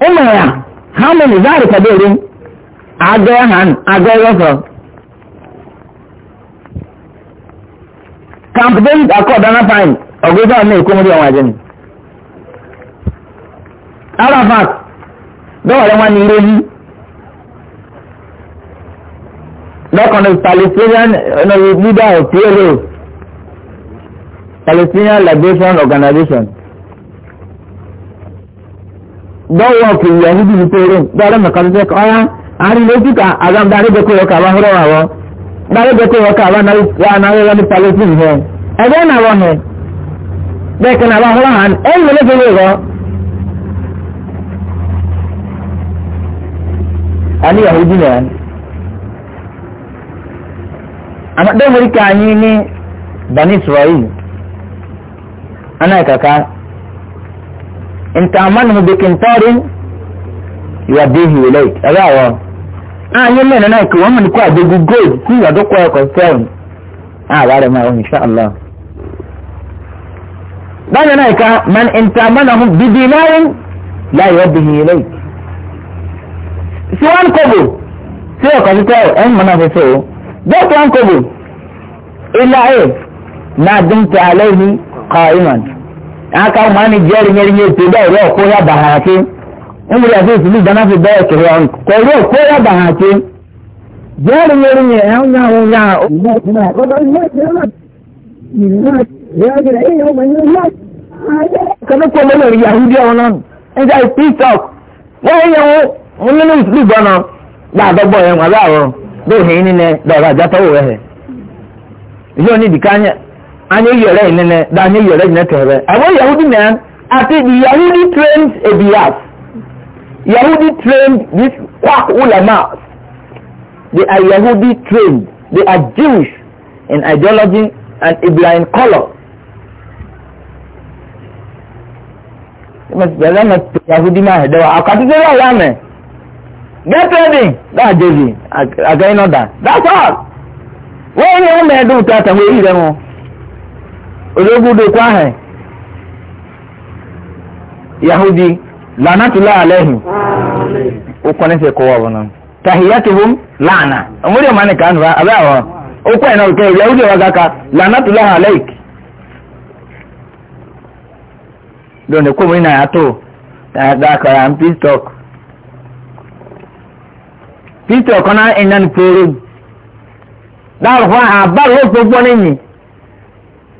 umara how many zari ka dole ago han ago yoso camp david akọọdọ na fain ọgbẹjọ ọmọ èkó mórí ọwọ ajẹni arafat dọwọlẹ wọn ni ilé yìí lọkàn ní palestinian leader of plo palestinian liberation organization dọ́wọ́ kì í yẹn níbi ìtòrò dáadọ́ mẹ́ka tó na ọ́yá àárín lójú ká àgbàm dáadọ́ kó wọ́n kàwá hóró wà wọ́ dáadọ́ kó wọ́n kàwá náà wọ́n ní na yan anyi isra'il ana kaka in ta'amalhu bi qintarin yuwaddihi ilayk ẹ̀rọ àwọn ààyè lẹ́nu náà kí wọ́n mú ní kó àgbégú gold kú ìyàdókòó ẹ̀kọ́ sẹ́wọ̀n ààrẹ rẹ̀ máa ń ṣá allah. báyọ̀ náà ká man in ta'amalhu bi dinarin la yuwaddihi ilayk. sí wọn kọ́bù sí ẹ̀kọ́ títẹ́ ẹ̀ ń mọ̀nà fífẹ́ o bẹ́ẹ̀ tí wọn kọ́bù ilá ẹ̀ náà dùn tẹ́ alẹ́ yìí kọ́ ìmọ̀ aka mwani jeri nyeri nyeri tuda ro ko ya ya sisi ni dana fi dawa kiri on ko ro ya bahati jeri nyeri nyeri ya unya unya kana i anyị yere nene da anyị yere nene tere àwọn yahudi na ati the yahudi trained ebias yahudi trained this quack ulama they are yahudi trained they are jewish in ideology and ibrahim color bẹ̀rẹ̀ mẹ́ yahudi máa hẹ̀ dẹ́wà àkàtúntò náà wà mẹ́ get ready dáa jẹ́bi àgẹ́yìn náà that's all wọ́n yẹ wọ́n mẹ́ẹ̀ẹ́dùn tó àtàwọn èyí rẹ̀ wọn. ológun dekwa ahẹ yahudi lanatula alẹhi o kọ ní sẹ kọ wà lana ọmọdé ọmọ nìkan nù abẹ àwọn o kọ ẹ̀ náà yahudi ọwọ́ kaka lanatula alẹhi lónìí kò mí náà yàtọ̀ dáadáa yà ń pistọk pistọk na náà ẹ̀ náà ní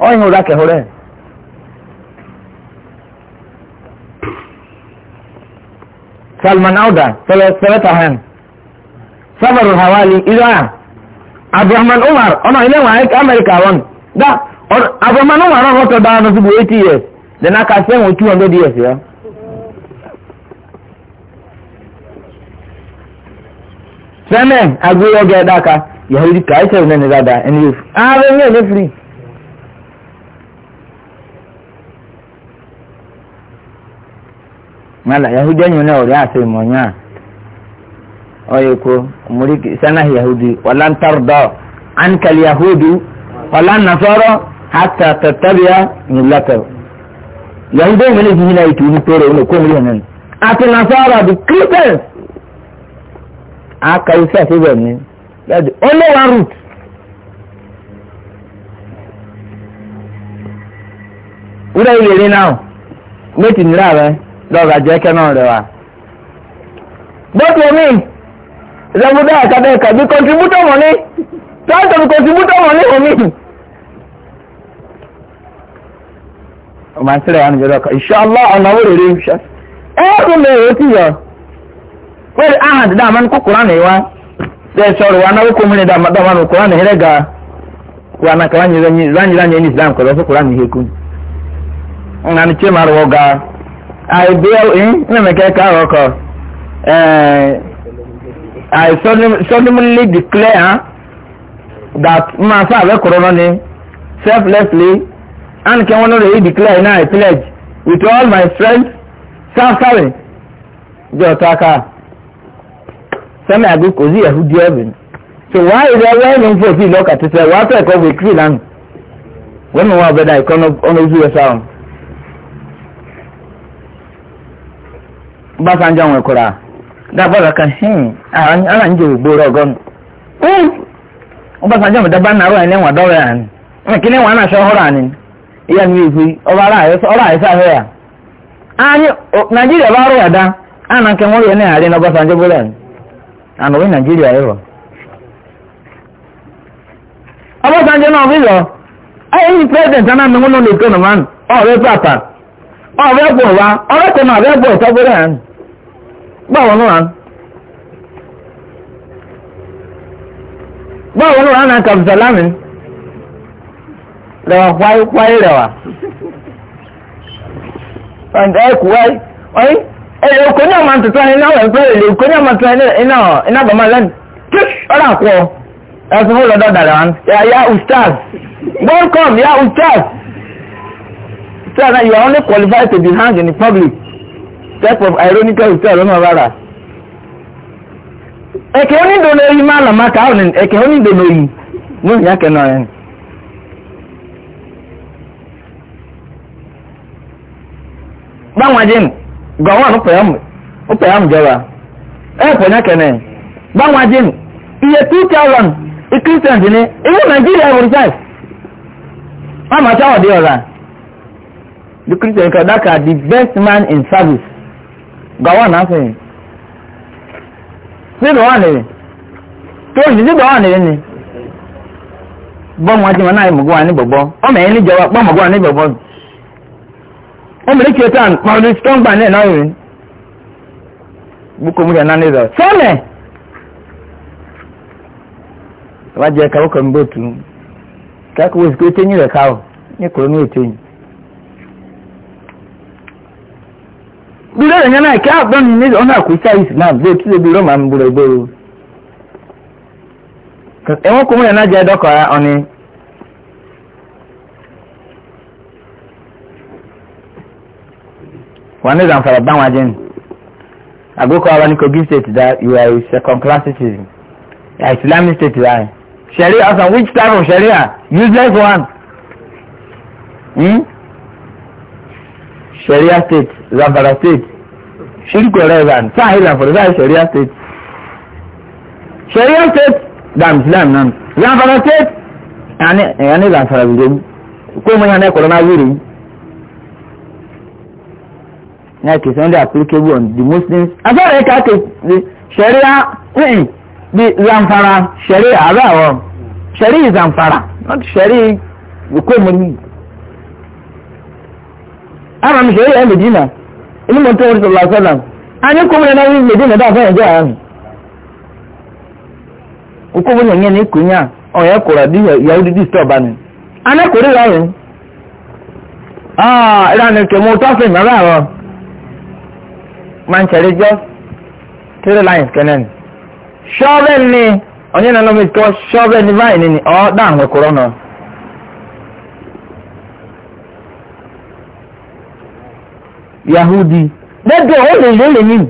ọyìn ọ̀rọ̀ akẹ́hórẹ́ salman auda sẹlẹtahan safaru hawali iran abdulrahman umar ọ̀nà ilé wọn ayé amẹ́ríkà wọn dá abdulrahman umar náà wọ́n tọ́ dáa lọ síbi eighty years then aka sẹ́wọ̀n two hundred years yẹn. sẹ́mẹ̀ agbóyọ̀gẹ̀ dáka yahudi kàíṣẹ́ ìnáni dáadáa ẹni yóò fi ààrẹ ní ẹ̀lẹ́fìrí. mala yahudi anyone ori ase monya oyeko muri sana yahudi walan tarda anka yahudu walan nasara hatta tattabi'a millatahu yahudi mele jina itu ni tore uno ko muri hanan ati nasara the christians aka usa sebe ni that only one route wúdà yìí lè rí náà méjì nira rẹ lọ́ọ̀gà jẹ́ kẹ́nà rẹ̀ wá. bọ́ọ̀tù omi ìrẹ́bùdá àkàdẹ́ẹ̀kà bí kọ́ntribútọ̀ mọ́ní tọ́ọ̀tù bí kọ́ntribútọ̀ mọ́ní omi. ọmọ àtìrẹ̀ yà ń jẹ́ lọ́kọ̀ ìṣọ́lá ọ̀nà owó rèé ṣe. ẹ kún mi èrò tí yọ. wẹ́rẹ̀ ahàn dídá àmọ́ kó kúrán ní wá. ṣe sọ̀rọ̀ wa náwó kó mi ní dàmọ́ dàmọ́ kúrán ní hẹ́rẹ́gà wa náà kàwá nyìlá nyìlá ní islam kọ̀ọ̀lọ́sọ̀ àìdí ẹ̀yìn mímẹ̀kẹ́ káàrọ̀ kọ I suddenly declare that máa sáàbẹ̀ kòrónà ni selflessly and kí wọ́n lórí declare now I pledge with all my strength self-serving jọ taka sẹ́mi àgbẹ̀ kò sí ẹ̀hú díẹ̀ so why is there when you fò sí lọ́kà títẹ̀ wàá tẹ̀ kọ́ wí kiri lánàá wọ́n mú wọn ọbẹ̀ dà ìkọ́nà ọ̀nà ojú Obasanjo nwekwara dagbara ka hmm, ala nje ugboro Obasanjo na arụ anyị anyị ọhụrụ anyị ya ọrụ anyị naijiria bụ arụ a na nke nwere na Obasanjo bụrụ anyị anụghị naijiria ịrụ Obasanjo na ọbụzọ anyị prezidenti a na-amenwu n'ụlọ ikonomi ahụ ọrụ ebe ọrụ ụwa ọrụ ọrụ bụrụ anyị báwo ló wà báwo ló wà náà kàbùsàlámì lẹwà kwáyé kwáyé lẹwà ọ̀dọ̀ ẹ kú wáyé ọ̀yẹ́ ẹ̀ èkó ní ọmọ àtúntò ẹni náà wẹ̀ pẹ́rẹ́ lè èkó ní ọmọ àtúntò ẹni iná iná bàmá lẹ́nu kí ọ̀rọ̀ àkọ́ ẹ̀sùn fún lọ́dọ̀ dàrẹ̀ wọn yà yà ustaz welcome yà ustaz sir na you are only qualified to be hanged in public. type of ironical style ọ̀nà rárá ẹ̀kẹ́ onídòlóyí máa nà máa káwọn ní ẹ̀kẹ́ onídòlóyí ní ìyá kẹ́nà ẹ̀ báwọn ajé nù gọ̀wọ́n ní pẹ̀yàmù ó pẹ̀yàmù jọba ẹ̀ pẹ̀yà kẹ́nà ẹ̀ christian ní ìwé nàìjíríà ẹ̀wọ̀n five wọ́n máa sáwọ̀ dé the christian kọ̀ ka the best man in service. gawa na se se gawa ne to ni se gawa ne ni bo mo ti mo na mo gawa ni bobo o me ni jowa pa mo gawa ni bobo o me ke tan ma ni strong ba ne na yi bu ko mu ya na ne da se ne wa je ka ko mbotu ka ko se ko tenyi le ka o ni ko ni e bílẹ̀ rẹ̀ yẹn náà kí àgbọ̀n ní ọ̀nà àkúṣà islam bí o tún lè bí rọ́mà ń búrẹ̀ gbòòrò ẹ̀wọ̀n kò mú yẹn náà jẹ́ dọ́kọ̀ọ́ra ọ̀ni. wọn ní zamfara báwọn ajé ni àgókò àwọn ní kogi state that you are second class citizen you are islamic state right sharia ọsàn which type of sharia useless one hmm? sharia state. Zamfara state Shirko Revan sáà Zamfara sáà Sharia state Sharia state dam Islam nan Zamfara state ẹ̀yà ní Zamfara bìrẹ̀ kó mo yàn ní coronavirus náà kì applicable on the Muslims afẹ́rẹ́ ká kì Sharia ǹǹ eh, bí Zamfara Sharia àbẹ́ Sharia Zamfara not Sharia kó mo ní. Ama mi Sharia Medina inú mọ̀ tó ń sọ̀rọ̀ àṣọ́nà a ní kó múlẹ̀ náà ní ìlú ìdílé dáa fẹ́yìn jẹ́ àárín okó múlẹ̀ yẹn ní kùnyà ọ̀yẹ́ kòrò bí yahoo dídí stọ̀ọ̀bà ni a ní kò rí ìyàwó ah ìlànà ìkẹ̀mú tó fẹ́ ìmọ̀ rà wọn manchester jọ three lines kẹ́nẹ́ ni ṣọ́ọ̀bẹ̀ oh, ah, ni ọ̀nyẹ́nà lọ́mọ ìtọ́ ṣọ́ọ̀bẹ̀ ni báyìí ah, ni ọ̀ dáhùn ẹ̀kọ́rọ́ náà. yahudi bẹ́ẹ̀ ó lè lè lèyìn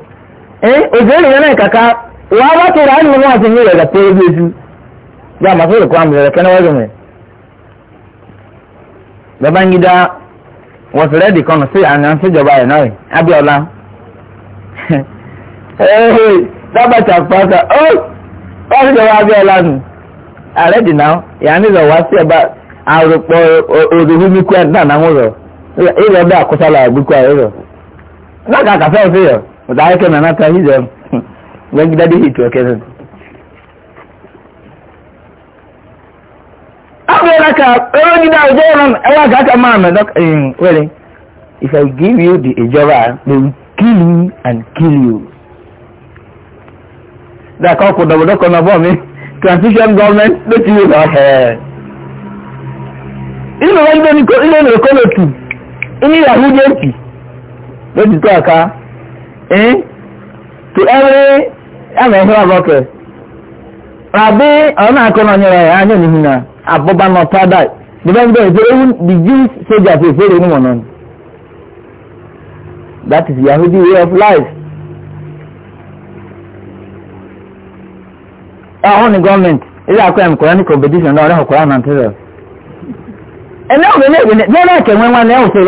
òṣèré lèyìn náà kàkà wà á tó rà á nínú àti ní ìrẹ̀lẹ̀ pé ojú ojú bí a máa fẹ́ lùkọ́ àmì babangida was ready kan sí àná síjọba ẹ̀ náà abiola dábàtà pàṣẹ ó wọ́n síjọba abiola nù ààrẹ dìnnà yàrá ìrọ̀ wá sí ẹ̀bá àròpọ̀ òdòdó mi kú ẹ̀ náà náà ń àkọsálà na ka kafe ofe yo da ake na nata hizo wen gida di hitu oke zan abụọ ka onye gida ojo ọrụ ewa ka aka ma ame dọk in were if i give you the ijọba they will kill you and kill you da ka ọkụ na transition government ló ti yóò lọ hẹ inú wọn ịnụ ní kó inú no jito aka eh to every ama ehe about it rabi ona akono nyere ya anya ni hina aboba no tada the the jews soldiers dey say no one that is yahudi way of life ahun ni government ilé akọ ẹ̀mí kọ̀ọ̀rọ̀ ní competition náà ọ̀rẹ́ ọ̀kọ̀ọ̀rọ̀ náà tẹ́lẹ̀ ẹ̀ náà ọ̀gbẹ́ náà ẹ̀kẹ́ wẹ́n wá ní ẹ̀wọ̀n tó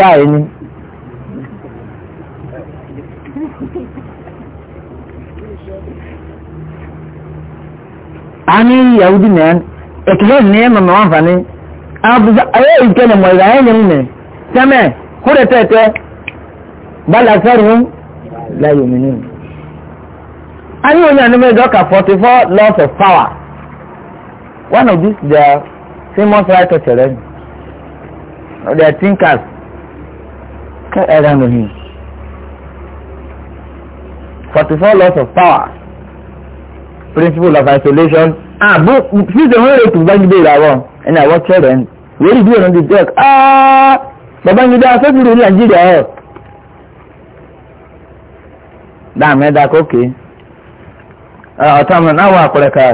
ani yahudi nan ekele ne ma ma wanfa ne abuza ayo ikele mo ga ayo ne same kure tete bala saru la yuminu ani onya ne me doka 44 laws of power one of these the famous writer children their thinkers ka era no him 44 laws of power principle of isolation ah the bó fíìsì wọn rè tó babangida ìràwọ ẹni àwọn tẹrẹ ẹni wẹ́rì bí ọ̀nà ti tẹ́k ah babangida afẹ́fúru ní nàìjíríà ẹ̀ dáàmẹ́dá kókè ọ̀tàmọ̀ náà wà àkọlẹ́ka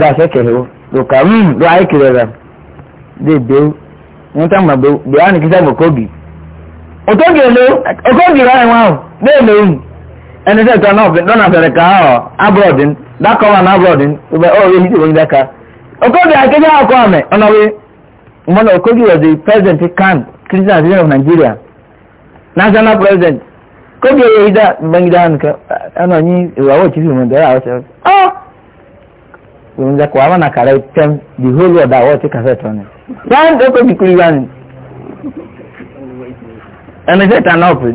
dáṣẹ́ kẹ̀lẹ́ o lòkà mmm ló ayé kiri rẹ̀ dé bẹ́ẹ̀ wọ́n tẹ́ mọ̀ bẹ́ẹ̀ wọ́n á ní kí sẹ́gun kóbi òtógè ló òkógè rẹ̀ wọ́n á bẹ́ẹ̀ lóyún. ẹni tẹ́ ìtàn náà lọ́nà àfẹ́rẹ́ ká ọ̀ abúrọ̀dín dákọ̀wà náà abúrọ̀dín ìgbẹ́ ọ̀rẹ́ yìí tìbọn ìdẹ́ka okòdì akéde àkọ́ àmẹ́ ọ̀nàwé mọ́nà okòdì was the president kan christian association of nigeria national president kódì ẹ̀yẹ ìdá gbẹ̀ngìdá nìkan ẹ̀nà ní ìwàwọ̀ chief ìmọ̀dẹ́rẹ́ àwọn ṣẹ́wọ́n ọ́ ìwọ̀n ìdẹ́kọ̀ wà wọn àkàrà ìtẹ́m the whole world àwọ̀ ti kàfẹ́ tọ́ ni ẹni náà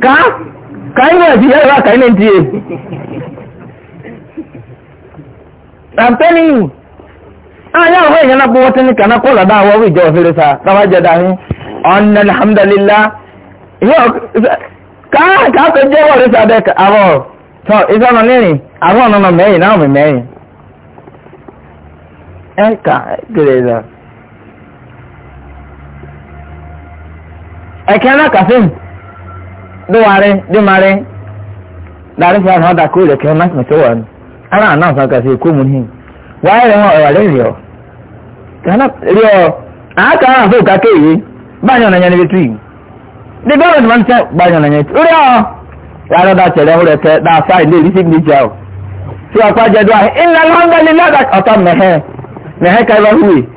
ká káyí náà ti yára káyí náà ti yé i'm telling you aya ah, ọ̀hún èèyàn náà gbowó tẹ́ni kàná kó lọ́dọ̀ àwọn ọ̀hún ìjọ òfin sa sábà jẹ́ dàrú ọ̀nà alhamdulilá káà káà tó jẹ́ wọ́ọ̀rẹ́ sàdẹ̀ àwọ̀ tọ́ ìsọ̀nà nírìn àwọn ọ̀nà mẹ́yìn náà mi mẹ́yìn e ẹ̀ka gèrè ẹ̀ka e ẹ̀kẹ́ náà kàfíìn. duware dimare dari fi ana da kule ke na me towan ana na sa ka se ko mun wa re won wa re kana rio aka ka ke yi ba nyo na nya ni bitu the government man ta ba nyo na nya rio ya ro da chere hure te da sai le risik ni jao ti akwa je do inna alhamdulillah da ata mehe mehe ka ba huwi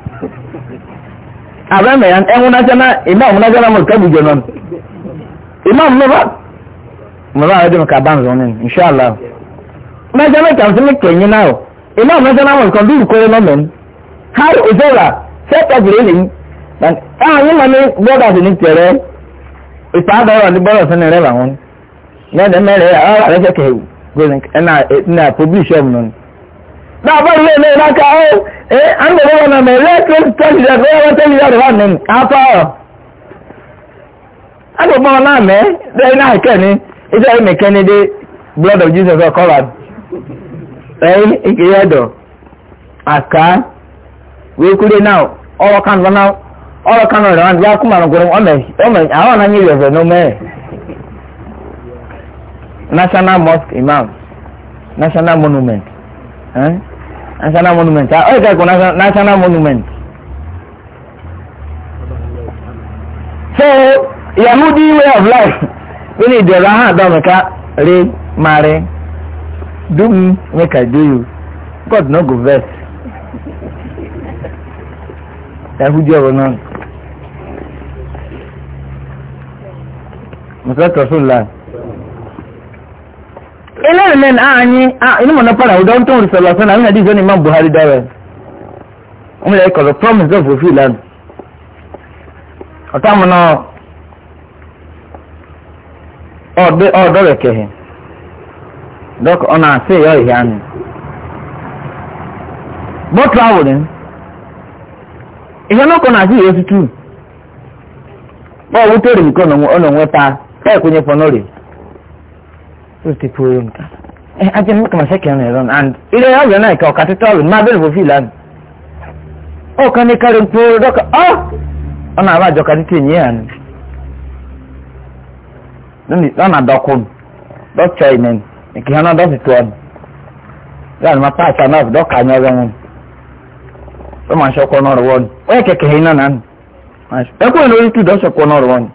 abẹ́ mẹ́yàn ẹ̀hún náà sẹ́nà ìmọ̀ ọ̀hún náà sẹ́nà mọ̀ imam ló bá mo bá àwọn ẹdínwó ká bá ń zọ ní inṣàlá mẹjọ mẹta ń sinmi kẹyìn náà imam mẹjọ náà wọn kàn bí ìkórè náà mẹni hali òṣèlà sẹta gbèrè lèyìn àwọn yìí máa ní bọ́dà sí ní tẹ̀rẹ ìpàdọ́rọ̀ ní bọ́dà sínú rẹ̀ làwọn ní ẹ̀dẹ̀ mẹ́rẹ̀ àwọn àrẹ́fẹ́ kẹ̀wù na ẹ̀nà publish ọ̀mù náà dáàbọ̀ ilé ilé ìlàkà ó ẹ̀ àwọn ìwọ̀n náà mẹ́rẹ̀ tó tẹ̀lé agbègbè ọ̀nà àmẹ́ lẹ́yìn náà kẹ́ ni iṣẹ́ ìmì kẹ́ni dey blood of jesus ọ̀kọ́ra lẹ́yìn ìkìyẹ́ ẹ̀dọ̀ àká wíkúrẹ́ náà ọ̀rọ̀ kan lọ́nà ọ̀rọ̀ kan lọ́nà ìrìn àjọ akúmọ̀ ọ̀gọ̀rọ̀ ọmọ àwọn ọ̀nà yìí rẹ̀ ní national mosque imam national monument eh? national monument ah, ọ̀ ẹ̀ka national monument so. Yahudi way of life really the raha domeka re mare do me make I do you God no go vex Yahudi ọ̀rọ̀ náà Mùsùlùmí Rasulullah eléyìí lẹ́nu àányí inú mọ̀nà padà ọ̀dọ́ tó ń sọ̀rọ̀ sọ́nà àwọn ìdíjọ́ ni imam buhari dáwẹ̀ wọ́n lè kọ̀rọ̀ promise of fulfill land ọ̀tá mọ̀nà ọdọ ọdọ rekeghe dọk ọ na-asị ya ọhịa anyị bọtụ awụrị ihe n'ụkọ na-asị ya etutu ọ wutere ka ọ na-enwe taa taa ekwenye fọnọrị sosi pụrụ nka ee ajọ m kama sekere na ịrọ and ile ya ọbịa na-eke ọkatịta ọrụ ma abịa n'ofe ile ahụ ọ ka na-ekarị mkpụrụ dọka oh! ọ ọ na-aba ajọ ka katịta enyi ya anyị lọ́nà dọ́kùn dọ́kítọ̀ ìmẹ̀ ìkìyàn náà dọ́kítọ̀ ọ̀nù láti máa pàṣẹ náà dọ́kà ní ọ̀rẹ́ wọn ó máa ṣọkọ náà rọwọ́ ni ó yẹ kẹ̀kẹ́ yìí náà nánu ẹkún ìlú orí tù dọ́ṣọkọ náà rọwọ́ ni.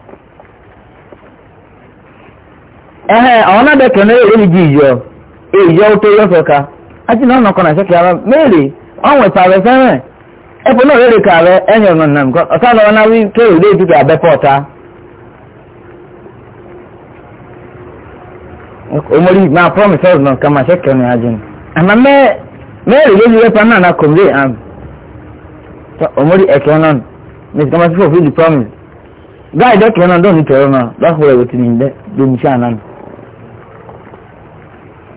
ẹ̀hẹ́ àwọn náà dẹ̀kẹ̀ náà èrè mi jí ìyọ èyí ó tó yọ sọ̀ka àti náà nàkọ́ náà ṣẹ́kẹ̀ ara mẹ́rẹ̀ ọ̀hún ìpàrẹ̀ sẹ́rẹ̀ ẹ̀pọ̀ náà rẹ̀ kàrẹ̀ ẹ̀yìn ọ̀nà omori ma promise ọdún náà kama ṣe kẹrin ajin àmà mẹ mẹrin lójú ẹpà náà náà kòmìlẹ àm omori ẹkẹ náà mẹsì kama ṣe fòfin di promise gáà ìjọ kẹrin náà dọ̀ ní tẹ̀rọ náà lọ́kùnrin rẹ̀ wòtí nìyẹn lómi ṣáà náà.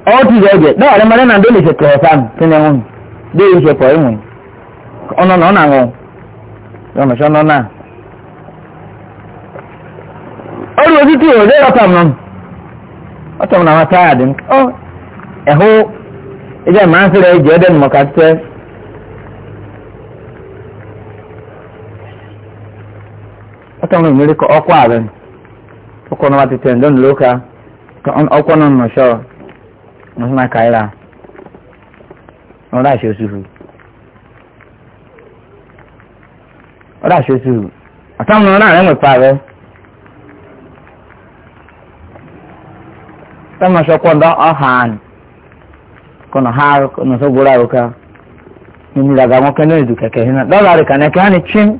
ọwọ́ ti ìjọ ẹ̀jẹ̀ dáwà lẹ́mọ lẹ́nà dó lè ṣe kẹrẹ fáàm tí ní ẹ̀wọ̀n dé ìṣe pọ̀ ẹ̀wọ̀n ọ̀nà náà ọ̀nà àwọn ọ̀nà ṣọ́nà náà. ó ọtọ na wọn taya dị m ọ ịhụ ịdị mma nsịrị eji ede m maka tụtụ m na mmiri ka ọkwa abịa ọkwa na watete ndị ka ọkwa na ọnụ shọ na na kaịra na ahịa osuhu ahịa osuhu ọtọ m na ọdọ ahịa enwekwa abịa. kama shokondo ohan oh, kono har kono sogura uka ni daga mo kene du keke hina dollar kana kani chin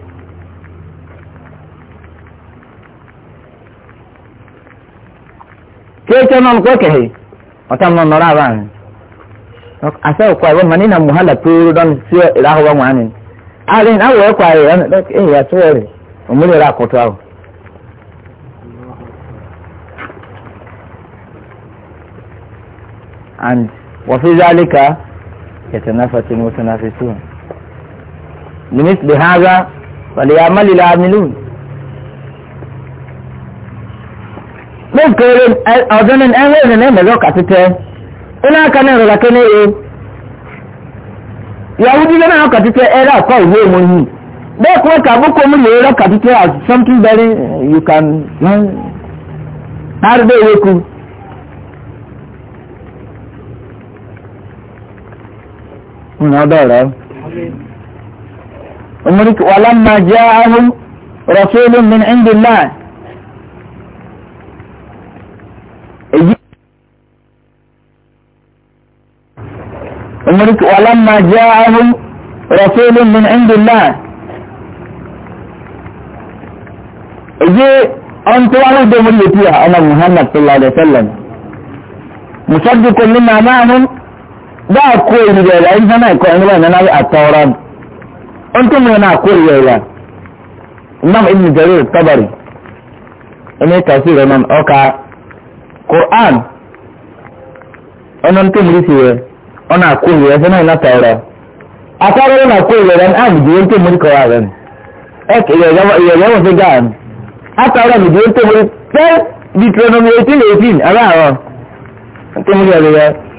keke non ko kehe otam non nora ban ok asa ko mani na muhala puru don si iraho wa mani alin awo ko ayo ya ra ko and وفي ذلك يتنافس المتنافسون بمثل هذا فليعمل العاملون mọ́kẹ́rẹ́ ọ̀dọ́nà ẹ̀rọ ìrìnà ẹ̀mẹ̀rẹ́ ọ̀kà títẹ́ iná aka náà rọ̀lá kẹ́ lẹ́yẹ ìyàwó dídé náà ọ̀kà títẹ́ ẹ̀rọ ọ̀kọ́ ìwé ìmọ̀ yìí bẹ́ẹ̀ kọ́ ẹ̀ka àbúkọ́ mú lè rọ̀kà títẹ́ as something very eh, you can learn. àrùbẹ́ ìwé من دارة أمرك ولما جاءهم رسول من عند الله أمرك ولما جاءهم رسول من عند الله إيه أنت وأنا من فيها أنا محمد صلى الله عليه وسلم مصدق لما معهم báà kó ìrìlẹ̀ rẹ̀ ẹni sọ́nà ẹ̀kọ́ ẹni wọ́n ìnáná àtọ́rọ́ ni ohun tó mìíràn náà kó ìrìlẹ̀ rẹ̀ imam ibn jarir tabari ẹni tàṣí rẹ̀ nàn ọkà quran ọ̀nà tó mìíràn sí rẹ̀ ọ̀nà kó ìrìlẹ̀ sọ́nà ìnáná àtọ́rọ́ àtọ́rọ́ náà kó ìrìlẹ̀ rẹ̀ náà tó fi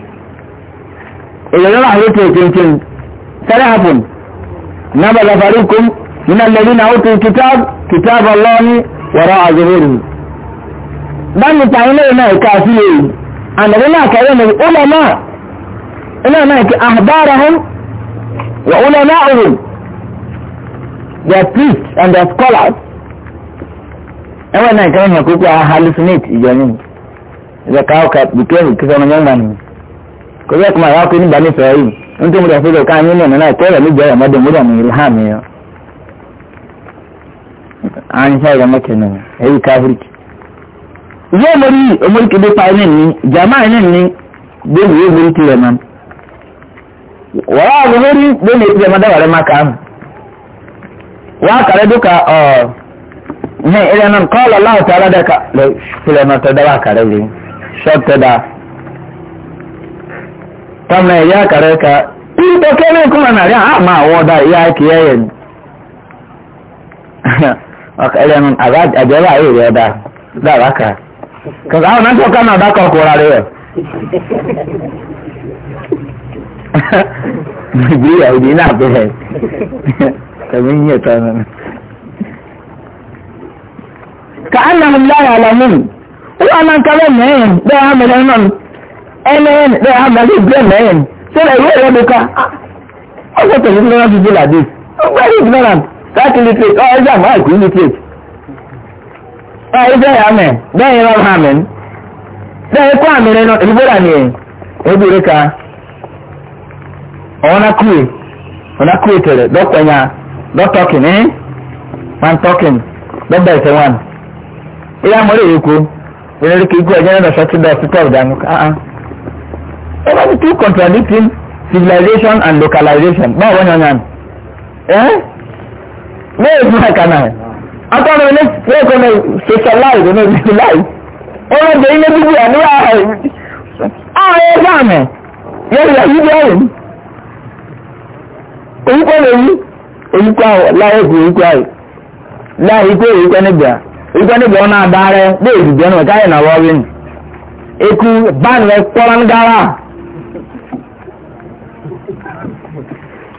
إذا نرى عليك يمكن سلعب نبذ فريق من الذين أوتوا الكتاب كتاب الله وراء ظهوره بني تعينينا الكافرين أنا بنا كلام العلماء علماء أحبارهم وعلماءهم their priests and their scholars ẹwọ́n náà kẹ́rin yẹn kúkú hallucinate ìjọ ní ìjọ káwọ́ kẹ́rin kí sọ́nà yẹn wà nìyí kò yẹ kó máa yá kó nígbà nífẹ̀ẹ́ yìí ń tó mú lọ sílẹ̀ káà nínú ìnáná ìkẹ́rẹ̀ nígbà ẹ̀rọ mọ́dún múlò ní ìlú hàn mìíràn à ń ṣe ìrọmọ kìnnà èyí káfíríkì. ìyá ọmọdé yìí ọmọdé kéde pa ẹni ní jàmáà ẹni ní bẹ́ẹ̀ni yóò gbórí tirẹ̀ mọ́. wọ́n á gbé lórí bẹ́ẹ̀ni tirẹ̀ mọ́ dáwàrẹ́ má kàá. wọ́n á kàrẹ́ dúkà ọ̀ ní ìrẹ́nà kọ́ tamna ya kare ka in ta kene kuma na ya ma woda ya kiyaye akale nan azad ajaba yi ya da da raka ka za nan to kana da ka korare bi ya udi na be ka min ya ta nan ka annahum la ya'lamun wa man kalamu da amalan ẹnẹ́yẹn ní ẹ̀yà àmàlẹ́ ìgbẹ́ ẹ̀mẹ́yẹn ṣé ẹ̀yẹ rẹ̀ mi ká ọ̀sẹ̀ tẹ̀lé ní wọ́n ti dé làdí ọgbẹ́ ní ignorant láti literate ọ̀ ẹ̀jẹ̀ àmọ́ àìkú literate ọ̀ ẹ̀jẹ̀ yà mẹ́ bẹ́ẹ̀ rán hàn mẹ́ bẹ́ẹ̀ kọ́ àmì rẹ̀ náà ìbúra ni ẹ̀ obìnrin ká ọ̀nà kúrè ọ̀nà kúrè tẹ̀lé dọ́kọ̀nyà dọ́tọ̀kìn ní one talking dọ́gbà ìtẹ̀ one ilé amọ̀lẹ́ yìí kú Over the two contradicting civilization and localization. Báwo wọ́n yan yan? Bẹ́ẹ̀ ni àkà náà. Akọ́nà ilé bẹ́ẹ̀ kọ́ ní socialize ní civilize. Ó wọ́n jẹ ilé bíbí àníyá rẹ̀. Àwọn ẹgbẹ́ àmì yẹ́n yẹ yí bẹ́ẹ̀ yìí. Orúkọ lè yí. Orúkọ àwọ̀ láyé kò orúkọ àyè. Láyé kò orúkọ nígbà. Orúkọ nígbà wọn náà dá rẹ̀ bẹ́ẹ̀ ìdìbò náà káyọ̀ náà wọ́ọ́rẹ́ nù. Eku báyìí lọ ń dára.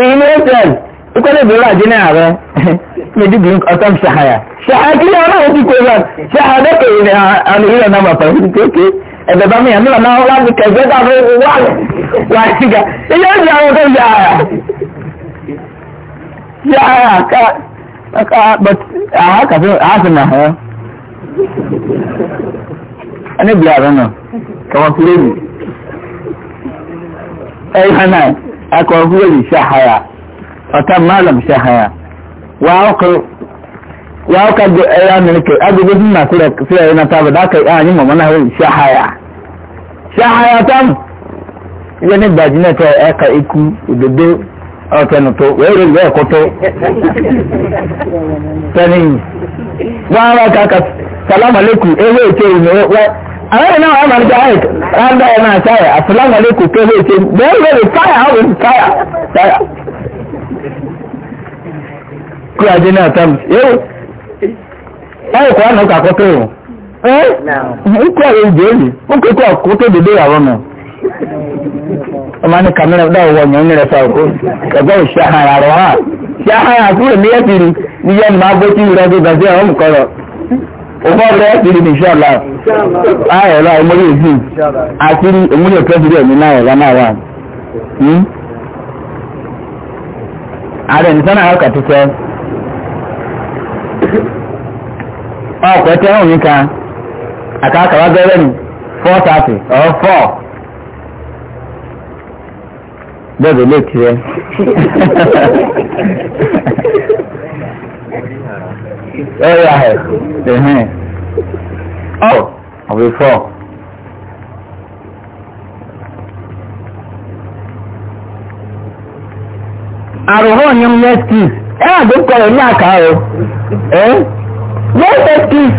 ìmọ̀ọ́sẹ̀l ìkọ́lẹ̀ ìbílẹ̀ àjẹ́nà ààrẹ mẹ́dìbí ọ̀tọ́m ṣàhàyà ṣàhàkiri ọlọ́run ti kó lọ ṣàhàdẹ́kẹ̀ ilẹ̀ àmì ilẹ̀ náà mà pàṣẹ kéèké ẹ̀bẹ̀ bá mi àmì ọ̀nà láti kẹ̀kẹ́ tàbí wà wà síga ilé ìjọ àwọn tó yàrá yàrá ká ká but àákàfẹ́ àásùn nà hàn ẹni bí àrùn náà ẹ̀yìn hàn náà. akọ huwa shahaya ọ̀tá malam shahaya wa ọkà jẹ ẹ̀yà mìíràn agbègbè fún náà sílẹ̀ ẹ̀yà tábà dákà ààyè mọ̀mọ́ náà huwa li shahaya shahaya tam ilé ní gbajúmọ̀ tẹ aka ikú òdòdó ọ̀tẹ̀nù tó wẹ́ẹ̀rẹ̀ ìwé ẹ̀kọ́ tó tẹ́ni wọ́n á rà àwọn ìnáwó àwọn àmàlùkà àìk ráńdà ẹ̀ náà sáyà àfúláwọ̀ lè kò kéwé ṣe bẹ́ẹ̀ lórí fáyà àwọn ènìyàn sáyà sáyà. kí ajé náà tán yóò báyìí kọ́ àná kàkọ́ tó yòó ẹ́ ikú àwọn ìjọ èyí ó kó kó àkókò tó dédé ìyàwó mi. ọmọ ní kàmínà dáwọ wọ ọyàn ní rẹ fà kó ẹgbẹ́ òṣìṣẹ́ àhàrà rọ̀ hàn ṣe àhàrà kúrò ní ẹ̀sìn ní yẹn máa bó tí ìrọ́gbẹ́ gbàgbé àwọn mùkọ́rọ̀ ọgbọ́n rẹ̀ ti rí ní ṣọ́ọ̀lá ààrẹ̀lá ọmọdé ìjú àti ìmúlẹ̀ pẹ́sìdì ẹ̀mí náà ẹ̀rọ náà wà ní hmm? ààrẹ nìkan náà ọkà títẹ́ ọkọ̀ tẹ́ òní kan àkàkàwà gẹ́rẹ́ ní 430 or 4 bẹ́ẹ̀ lè tirẹ̀ area head ẹ̀hìn ọ̀ of the four. àrùhọ́ ni next kiss ẹ àdókọ̀ ẹ̀ ní àká o ẹ̀ next kiss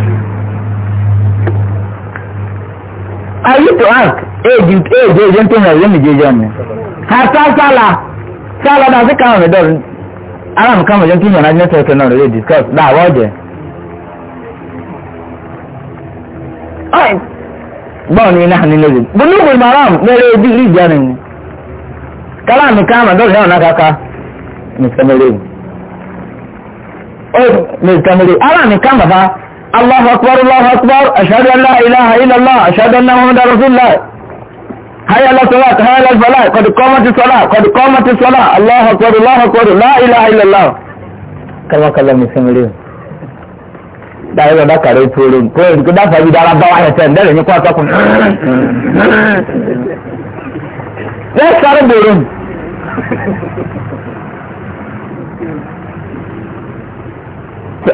I used to ask age age age ń tó hàn yóò mi jẹjọ sálà sálà náà sí káwọn ẹ̀dọ́ aláàmù kan mọ̀jọ́ kí ìyànà network náà lè discuss dáàwọ̀ ọ̀jẹ̀. bọ́ọ̀ ni iná nílé rẹ̀ gbólóhùn ìmọ̀ aláàmù lórí ojú ìlú ìjà rẹ̀ ni kálàmù kan mọ̀jọ́ ìyànà náà kaka mr mary oh mr mary aláàmù kan mọ̀fà allahu akbar allahu akbar ashadu an la ilaha illallah ashadu anna muhammadu rasulillah. هيا لا صلاة هيا لا صلاة قد قامت الصلاة قد قامت الصلاة الله أكبر الله أكبر لا إله إلا الله كما كلام مسلم da yau da kare turin ko yanzu da fa da rabba wa ta da ne kwa ta kun ya sare burin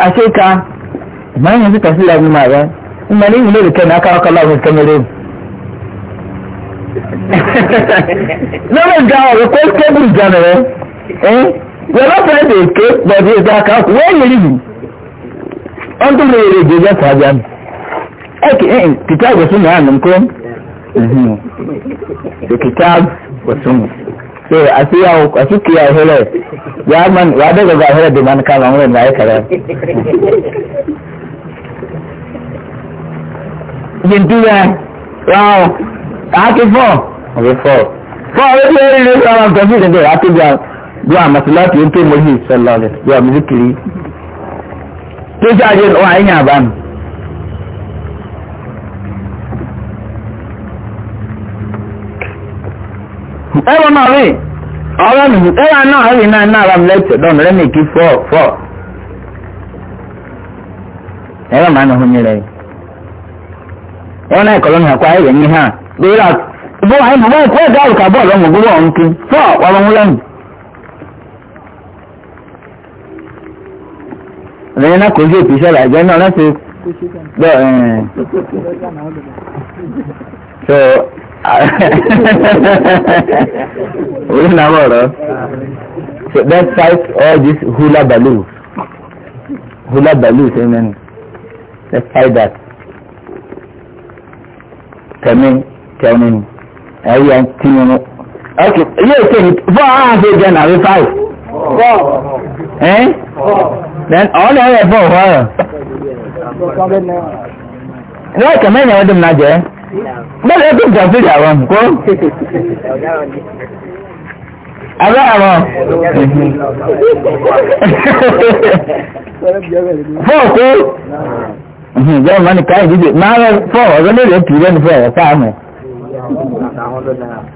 a ce ka man yanzu tafi da mu ma ba in ma ne ne lọ́wọ́ ìjà ọ̀rọ̀ kó kébù ìjànà rẹ̀ yọ̀rọ̀ fẹ́ẹ́ èké pẹ̀lú ìjà àkàkù wọ́n yẹ rìbì wọ́n tún lè rè jẹjẹ sàájà mi ẹ̀kì ẹ̀yìn kìtà ìwòsùn náà nù kó kìtà ìwòsùn so a siya a suke ya hula ya man ya daga ga hula da man kama mun na kare yin duya wow káàkiri fọ́ ọ̀rẹ́ fọ́ fọ́ ọ̀rẹ́ tí ó rí rí ọ̀rọ̀ nǹkan sí ìdẹ́gbẹ̀ àtúgbà bí wà màtí láti ń tó mọ́lì sọ́lọ́ rẹ̀ bí wà mí kiri tó jáde wà ẹ̀yìn àbánu. ẹ̀rọ náà rí ọ̀rọ̀ mi ẹ̀rọ náà rí náà náà rám lẹ́tọ̀ dọ́nù rẹ́ mi kí fọ́ fọ́ ẹ̀rọ màá nà hún yẹrẹ ẹ̀rọ náà ẹ̀kọ́ lọ́nà àkọ́ ayẹyẹ yín hàn lórí àti bó wáyé mọ̀ wọ́n ẹ̀dá òkà bọ́ọ̀lù gbogbo ọ̀hún kí fọ́ wà lọ́wọ́ lẹ́nu. lẹ́yìn náà kò sí ètò iṣẹ́ àjẹ́ náà láti bẹ́ẹ̀ ẹ̀ẹ́n. so orí náà bọ̀ rọ. so let's fight all these hula balloons hula balloons amen let's fight that. Coming tẹ̀wọ́n ni ẹ̀yẹ tinubu ọkì yóò tẹ̀ ní fún àwọn àti jẹ́ nàbí five ẹ́n then ọ̀hún ni ẹ̀yẹ fún ọ̀hún ọ̀rọ̀ ní ọ̀kẹ́ mẹ́rin ọdún mi náà jẹ́ bẹ́ẹ̀ ló tún jọ̀ọ́ fìdí àwọn kó abẹ́ àwọn fọ́ọ̀kú jẹ́ ìmọ̀ nìkan ìdíje máa fọ́ọ̀ ọ̀gọ́dẹ̀ rẹ̀ kì í lẹ́nu fún ẹ̀rọ sáà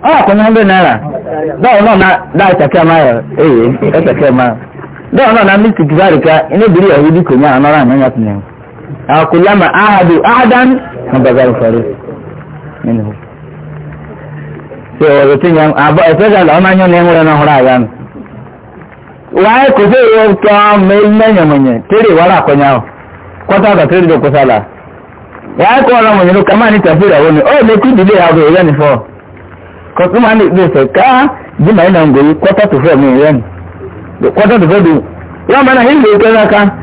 Ah, ọkùnrin hundred naira dọ́ọ̀ náà na dá ìtàkì àmà ẹ̀ ẹ̀yẹ ẹ̀tàkì àmà dọ́ọ̀ náà na mísì kìfàrí ká iná ìbírí ẹ̀hí bí kò máa nọ́ra àmì ẹ̀yàtì nìyẹn àkùlámà áhàdù áhàdán ní bàbá ìfọ̀rí nínú. ṣé ọ̀rọ̀ tí yẹn àbọ̀ ẹ̀fẹ́ gà lọ́ọ́ máa yán ní ẹ̀wọ̀n náà húrà yá mi. wàá kò sí ìwé tó mẹ́yìn mẹ́yìn tẹ́lẹ̀ wàrà kọ́nyà kọ́tà àtàtẹ́lẹ̀ ya kọ́ ọ̀rọ̀ mọ̀nyẹ́lú ká máa ní tẹ̀fúrà wọn ni ó lè kú ìdílé ààbò ìrẹ́ ní fọ́ kọ́tún máa ní ìgbé ìfẹ́ ká jìmọ̀ iná ń kọ́tà tó fẹ́ mi ìrẹ́ kọ́tà tó fẹ́ bí wọ́n máa ní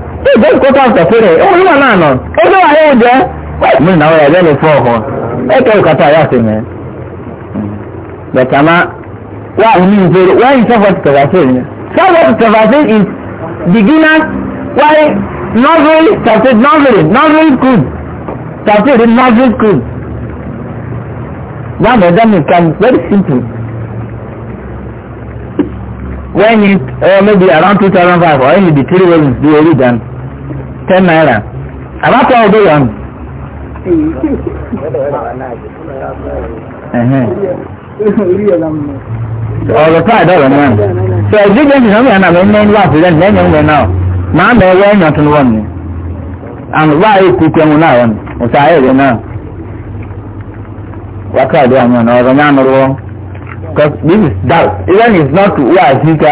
ṣé ìjọ ìkó tá ọ̀sẹ̀ fúnra ẹ̀ òun náà náà nà ó ló wà ní oúnjẹ. mi náà wọ̀ ẹ̀jẹ̀ lè fọ́ ọ̀hún ẹ̀ tẹ́ ìkàtà yà sí mi. bẹ̀tà má wà ní ìfèrè why is self worth conversation self worth conversation is beginner why novel Started novel novel school Started novel school. That example can be very simple when it or maybe around two thousand five or any the three weddings be already done ten naira àbátọ ọdún yọ ni. ọ̀rọ̀ tó àdọ̀rọ̀ náà ṣe ẹ̀jú bẹ́ẹ̀ nìyọ́n mi àná mi ní ìlú àfẹ́rẹ́ lẹ́yìn ìwé náà màá mẹ́ ẹwọ́ ẹ̀yàn tó wọ̀ mí àmì wá èkó kẹ́mu náà wọ̀ mí ọ̀sà ayẹyẹ náà wákàtí àwọn ọ̀rọ̀ náà nọ̀rọ̀ because this is doubt even if not wíwá àṣìkà.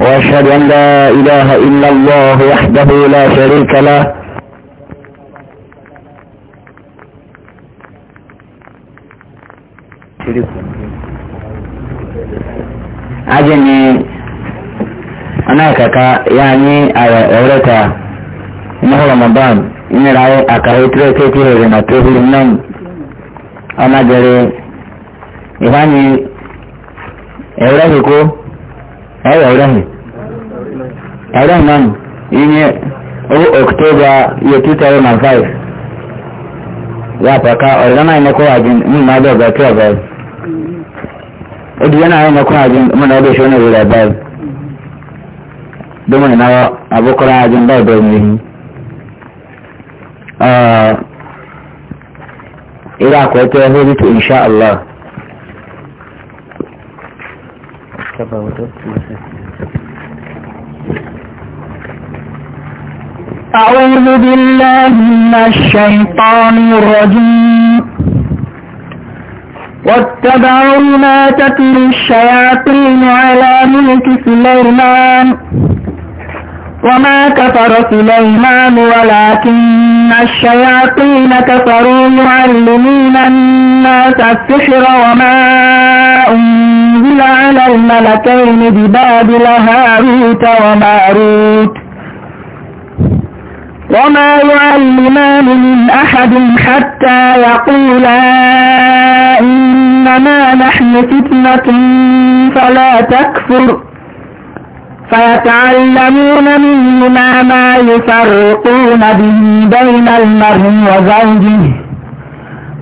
وأشهد أن لا إله إلا الله وحده لا شريك له ajini anakaka yani aureta inaho ramadan iniraye akahitire tetirere na tehiri nan anagere ihani eurekiko ọrịa ọrịa ọrịa mmanụ inye owó ọktoba iye 2005 ya paka ọrịa náà inekọ ajin mmụọ adọ ọgbà tí ọgbà odiye náà inekọ ajin mmụọ adọ ṣe onye wúrẹ bẹẹ domini náà abúkọrọ ajin bẹẹ bẹẹ mi ihu ilé àkọ́tẹ́ insha Allah. أعوذ بالله من الشيطان الرجيم واتبعوا ما تتلو الشياطين على ملك سليمان وما كفر سليمان ولكن الشياطين كفروا يعلمون الناس السحر وما على الملكين ببابل هاروت وماروت وما يعلمان من أحد حتى يقولا إنما نحن فتنة فلا تكفر فيتعلمون منهما ما يفرقون به بين المرء وزوجه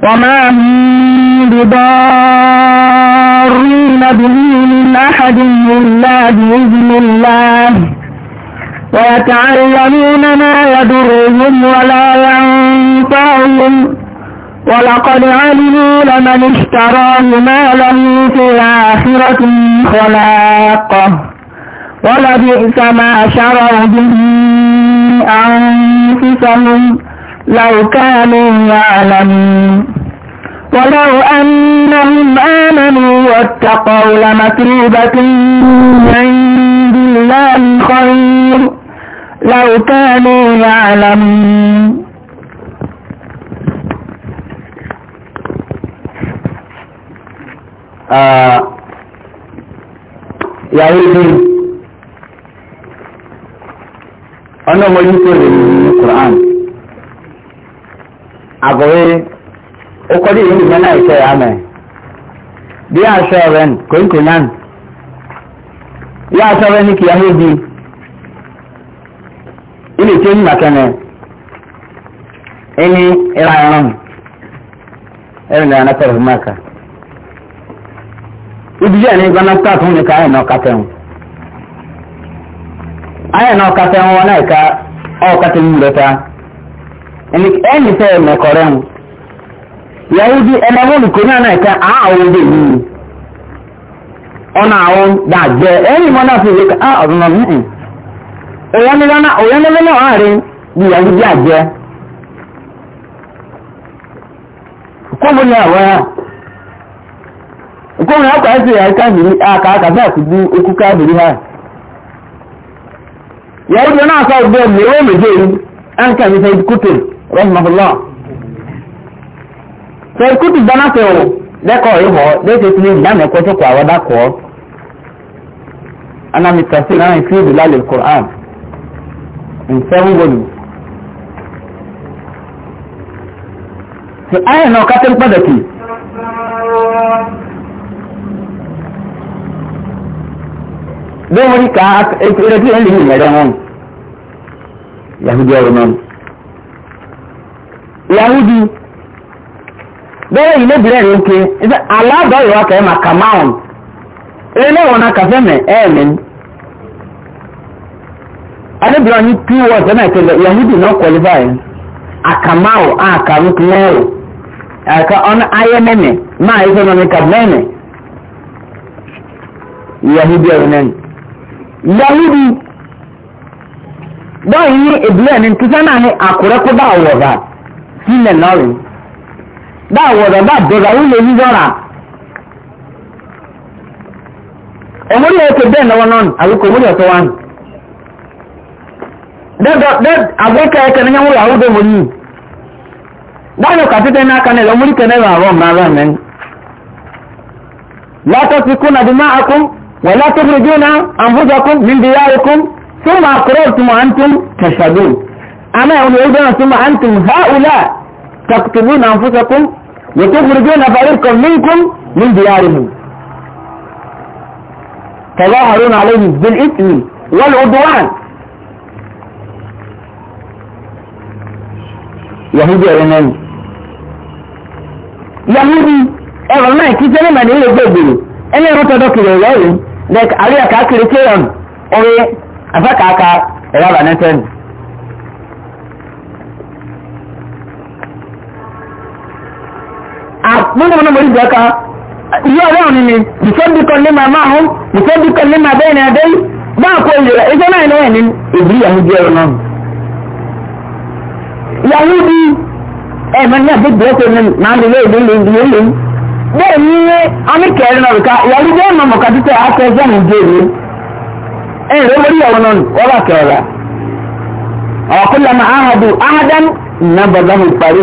وما هم بضارين به من أحد إلا بإذن الله ويتعلمون ما يضرهم ولا ينفعهم ولقد علموا لمن اشتراه ما له في الآخرة خلاقه ولبئس ما شروا به أنفسهم لو كانوا يعلمون ولو أنهم آمنوا واتقوا لمثوبة من عند الله خير لو كانوا يعلمون يا ولدي أنا مجلس القرآن agụrị ụkọrọ na-eke ya mee dị ya asọrọ konkonan ya asọrọ n'ike ya hụ bi ịna ete mma kene ịnị ịra ọrụ ebe na maka ibi ya ni gbana start na ọkata nwụ anyị na ọkata nwụ ọ na ẹni sẹ mẹkọrẹ mu yahudi ẹnna wọn kò ní àná ẹka àá àwọn bẹ yìí ọ̀nà àwọn dàgbẹ ẹni mọ náà fi wíkà á ọ̀dùnà mìíràn na òyànlélọ́nà ọ̀hárẹ̀ bí na àjẹ kóbó ní àwọn ya kóbó ní ọkọ̀ ẹ̀sìn ẹ̀ka àkà káàbìrì ha mi kútó. rahimahullah so ikuti dana se o deko iho dese tini ndame ko se kwa wada ko ana mitafsir ana fi bilal alquran in seven volumes so aya no katel padaki dewori ka ekireti en lihi mere won yahudi ọrụ n'ọnụ yahudi bẹ́ẹ̀ ilé bìrẹ̀ rẹ̀ oké ẹ̀sẹ̀ aláàbọ̀ ìwà kẹ́ ma kàmáhùn ilé wọn na kàfẹ́ mẹ́ ẹ̀ẹ̀mẹ́ ní adébìrẹ̀ ní two words ẹ̀mẹ́ ìkẹlẹ̀ yahudi náà qualify àkàmáhùn àkàrún kìlẹ̀rù ẹ̀ka ọ̀nà ayẹ́mẹ́mẹ́ máa ẹ̀sẹ̀ náà ní kàbẹ́ẹ̀mẹ́ yahudi ẹ̀rù náà yahudi bẹ́ẹ̀ ní ìbílẹ̀ ní tíṣẹ́ náà ní àkùrẹ́kọ́dá ọ̀wọ̀ that sílẹ̀ lọ́rùn dáwọ̀dọ̀ bá dọ̀dọ̀ ó yíyọ́ra òmùrí ètò bẹ́ẹ̀ lọ́wọ́ náà nù àwíkò òmùrí ọ̀tọ́ wa nù àgbẹ̀kẹ̀ ẹ̀kẹ́ ní yẹ́wọ́n làwọn òdòmò yìí dáwọ̀ kàtẹ́tẹ́ náà kan ẹ̀rọ òmùrí kẹ́nẹ́ rà rọ̀ máa rà mẹ́rin látọ́ ti kún àdìmá تقتلون أنفسكم وتخرجون فريقا منكم من ديارهم تظاهرون عليهم بالإثم والعدوان yahudi ẹ̀rọ náà ni yahudi ẹ̀rọ náà kí sẹ́ni mà ní ilé gbẹ̀gbẹ̀rẹ̀ ẹni ẹ̀rọ tọ́dọ̀ kiri ẹ̀rọ yìí lẹ́k àríyá káàkiri kéèyàn ọ̀rẹ́ afẹ́kàáka ẹ̀rọ àbànẹ́tẹ́nu mun mun muri jaka iyo ran ni musaddiqan lima ma'hum musaddiqan lima bayna yaday ba ko yira ije na ina ni ibri yahudi ran yahudi e man na bi ko ni na ni le ni ni ni bẹ́ẹ̀ ni amíkẹ́rin náà ká yàrúdé ọ̀nà mọ̀kàtútù akẹ́kẹ́ ní jèrè ẹ̀rọ lórí ọ̀rọ̀ náà wọ́n bá kẹ́ọ̀rọ̀ ọ̀kúnlẹ̀ máa ahàdù ahadan nàbàdàn ìparí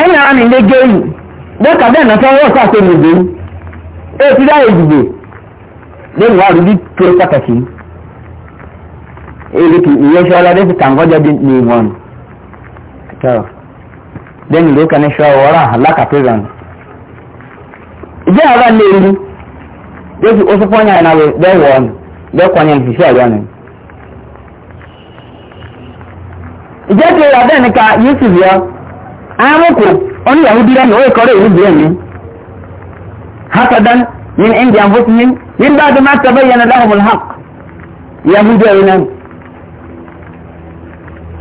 ẹ̀yìn ara nílé géèyì dọ́kà bẹ́ẹ̀ náà fẹ́ẹ́ wọ́ọ̀kọ́ àti ènìyàn ti dá èdìgbò lẹ́yìn wá rúbí tó pàtàkì èyí kì í yẹsọ ọlọ́dẹ ti kàǹgọ́jọ́ di ní ìwọ̀n lẹ́yìn ló kàn ṣọ ọ̀rọ̀ àlákà prison ìjẹ́ àbá lè rí yóò fi oṣù fọ́nyà bẹ́ẹ̀ wọ̀ bẹ́ẹ̀ kọ́nyà ìjẹ́ ti rà bẹ́ẹ̀ ni ká yusuf amoko oni yahudi ran o kore yahudi ran hasadan min indi anfusihim min ba'd ma tabayyana lahum alhaq yahudi ran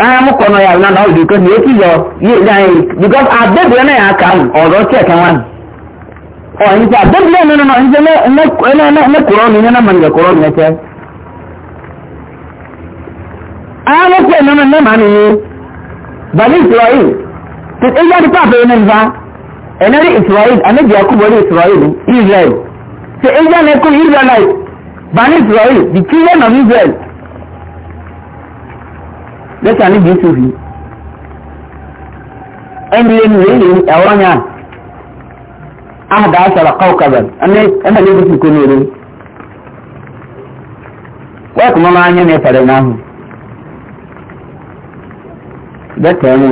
amoko no yalla na o ko ni ki yo ni dai because abebe na ya kan oro che kan wan o ni ta abebe no no no ni na na na na qur'an ni na manga qur'an ni che amoko no no na mani bani israel to eya di papa yẹn nfa ẹnari israel anabi akubo ni israel israel to eya na ekun israelite bani israel the children of israel lẹ́tà ni jésù fi ẹni lẹ́nu lẹ́nu ẹ̀wọ́n yẹn ahada asara kawkaban ẹni ẹni lẹ́nu fi kọ́ ní wọ́n kọ́ mọ́ máa ń yẹn ní ẹ̀fẹ̀rẹ̀ náà hù bẹ́ẹ̀ tẹ̀ ẹ́ mú.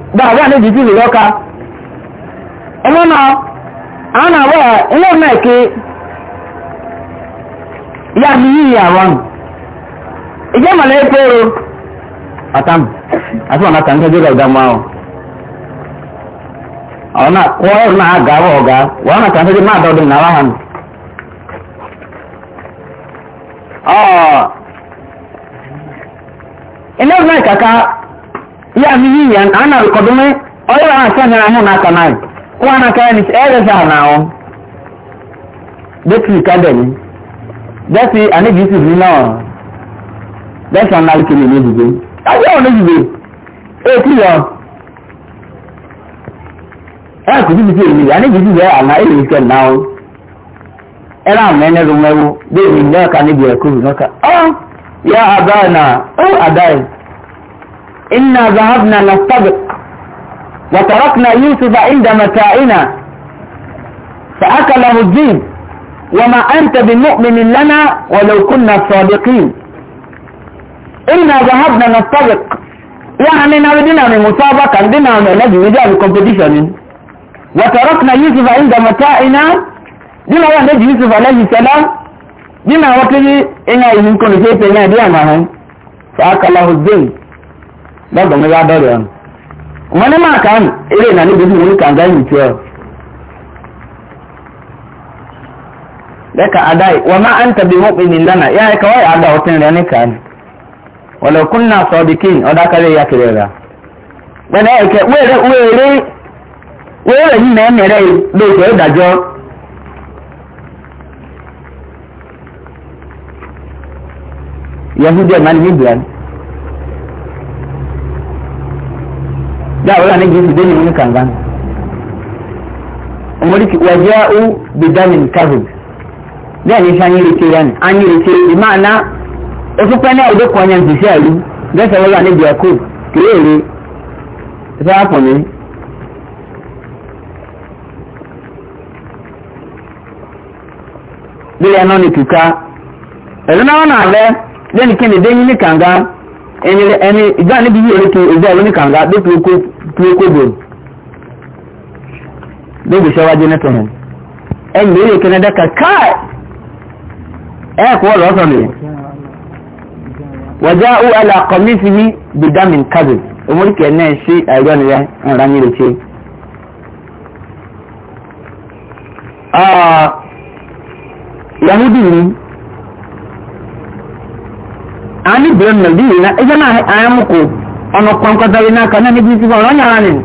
bàbá ní jìjì lè lọ́ka ọmọ náà àwọn àwọ̀ ilé náà ké ya mi yí àwọn ìjẹ́ mọ̀lẹ́ pẹ́rọ àtàmù àti wọn àtàmù tẹ́jú ọ̀gá mọ́ àwọn àwọn náà wọ́n ẹ̀rọ náà gà wọ́ ọ̀gá wọ́n àtàmù tẹ́jú máa dọ́dún náà wáhàn ilé náà kàkà ya mimi ya ana kodume oyo ahụ na huna kanai kwa na kani ele sana o deti kadeni deti ani bisi na deti anali kini na hizo aje ona hizo e ndị ya e ko bi ti ni ani bisi ya ndị na oh, ahụ now ya na إنا ذهبنا نستبق وتركنا يوسف عند متاعنا فأكله الدين وما أنت بمؤمن لنا ولو كنا صادقين إنا ذهبنا نستبق يعني نريدنا من مسابقة عندنا نجي نجي كومبيتيشن وتركنا يوسف عند متاعنا دينا يا نجي يوسف عليه السلام دينا وكذي إنا يمكن شيء بينا ديانا فأكله الدين lọ́gbọ̀n mi wá dọ́rẹ̀ ọ̀hún wọn ní máa kàn eré ìnà níbi tí mo ní kàǹgá yìí tiẹ̀ lẹ́ka adáyé wọ́n máa ń tàbí mọ́pin ní lánà yá ẹ̀ka wọ́n yà á dá ọ̀tún rẹ̀ ní kàn wọ̀lọ̀kún náà sọ di kín ọ̀dà kárẹ̀ yà kiri rà pẹ̀lú ẹ̀kẹ́ wéèrè wéèrè wéèrè yìí náà mẹ́rẹ̀ lóòótọ́ ìdájọ́ yahudi ẹ̀ máa ní ìbílẹ̀ da wala ne jinsu dai ne kan gan umuri ki waja'u bidamin kadhib da ne shan yiri ke yan an yiri ke bi ma'ana o su fana o ko nyan ti shari da sa wala ne biya ko kire sa ko ne bi ya no ni tuka ẹ̀rọ na na, àlẹ́ lẹ́nu kí ni dé yín ní kànga ẹni ẹni ìjà níbi yìí èrè kí ìjà ìlú ní kànga dé púrókòdò lóògbé ṣẹ́wájú ní tọ̀hún ẹni lórí èkéne dẹ́ka káì ẹ̀kọ́ ọ̀rọ̀ ọ̀sán nìyẹn wàjá ó ẹlà kọ̀mísì ní bìdámì kábì omorikẹ́ náà ṣe àìgbọ́n rẹ̀ ńlá ní ìrètí. yahudi ni ani bere na na eja eh, na eh, aya muku ono kwankwa na aka na ni bi sibo nya ani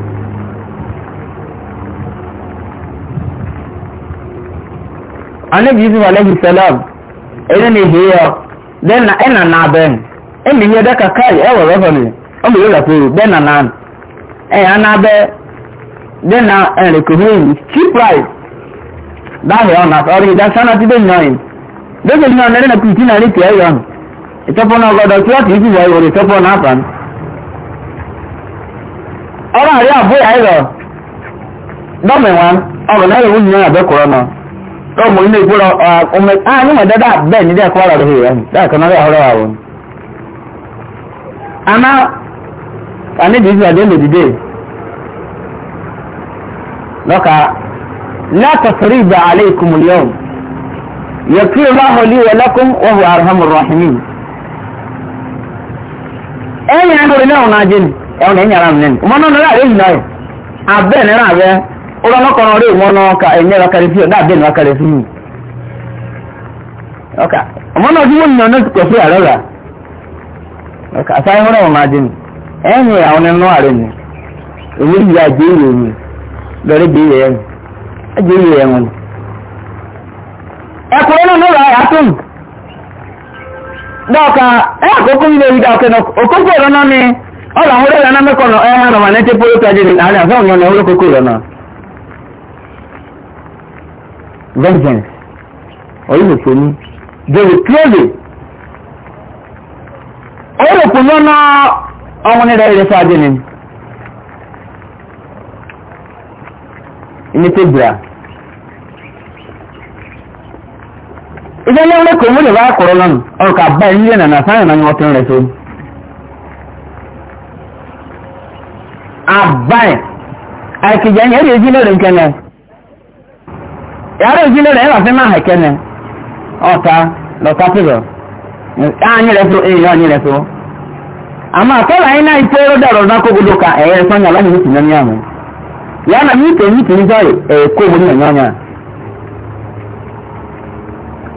ani bi salam ene ni hiyo den na ena na ben emi hiyo daka kai e ho ni o mi den na e eh, ana be den na cheap price ona sorry da sana ti den na ni ti ìtọ́pọ̀ náà gbọ́dọ̀ tí wọ́n ti ti yàrá ìwòrè ìtọ́pọ̀ ọ̀rọ̀ àrí àbúyà ẹ̀rọ dọ́mẹ̀wá ọ̀rọ̀ náà ìwúni náà àbẹ́kọ̀rọ̀ náà lọ́mọ ilé ìgbóra ọmọ àánú na dáadáa bẹ́ẹ̀ ní dẹ́kọ̀ ọ̀rọ̀ rẹ̀ rẹ̀ dáàkọ̀ náà na ẹ̀yìn ẹ̀dọ̀ ní ọ̀nà ajé ni ẹ̀wọ̀n ẹ̀yìn ara nìyẹn ọmọ náà lọ́la àrẹ́yìn náà abẹ́ ní ẹ̀rọ abẹ́ ọlọ́nàkọ̀nà rẹ̀ wọ́n náà ka ẹ̀yìn ẹ̀rọ kẹrẹ sí ọ̀dà abẹ́ ní ọkẹrẹ sí yìí ọmọ náà tí wọ́n náà rà ọ̀nà ẹ̀yìn àwọn ni èmi yìí dọ́ọ̀ka ẹ àkókò ilé ìdá ọ̀kẹ́nà òkókò na ni ọ̀là àwọn na ẹ̀nà e, na ẹ̀ hàn ọ̀mà na anya tajì ní na àfẹ́ òyìn ọ̀nà olókókò ìrọ́nà. vengeance oyinbo ni jẹ́rì kílódé olùkù na ọmọ nílẹ̀ ilẹ̀ sáájú ìjọ lọ́wọ́ kò mú lè bá kọ̀rọ̀ lọ́nà ọ̀rọ̀ kà bá ilé nànà sáyẹn náà wọ́n ti ń rẹ̀ tó. àbáyé ya na rí ojú lórí nkẹ́nẹ yàrá ojú lórí na fẹ́ máa hẹ̀kẹ́nẹ ọ̀tá lọ́tà pẹ̀lú ààyè rẹ̀ tó èèyàn ààyè rẹ̀ tó. àmọ́ àtọ́lá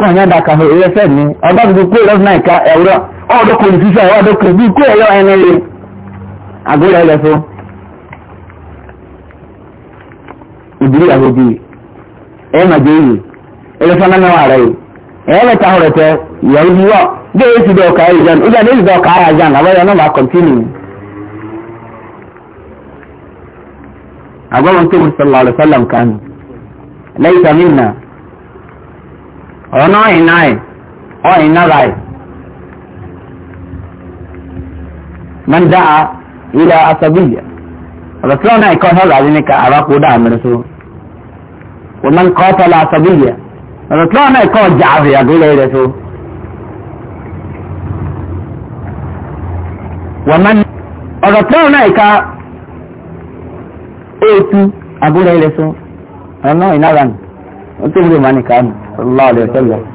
kó àyàn dàkà hó eré fẹ́ mi ọba gbogbo kó ẹ̀rọ náà ká ẹ̀rọ ọ̀dọ́ kò ní sísá ẹ̀rọ kò ní kó ẹ̀rọ ẹni rè àgọ́rọ̀ ẹ̀rọ fún. ìdílé àgọ́bí ẹ̀ má jẹ́ ìyè ẹ̀rọ fún anáwó ara yìí ẹ̀rọ mẹ́ta ọ̀rọ̀ tẹ ìyàwó bí wọ́ bí èyí ti dọ̀ọ̀kà ìjàn ìjàn èyí dọ̀ọ̀kà ara ìjàn àbáyọ náà máa kọ̀ntínú. àgọ́rọ̀ tó mú sọ̀rọ̀ àlùfáà làǹkà ni lẹ́yìn tàmí náà ọ̀nà ìná ẹ̀ ọ̀ ìná ra ẹ̀. man da'a ila asabiyya rasulun na ikon hau zazi ne ka a rako da amir so wa man qatala asabiyya rasulun na ikon ja'afi a dole da so wa man rasulun na ika etu a dole da so ọ̀nà ìná ra ne o tó ń gbé ma ni ka mu. صلى الله عليه وسلم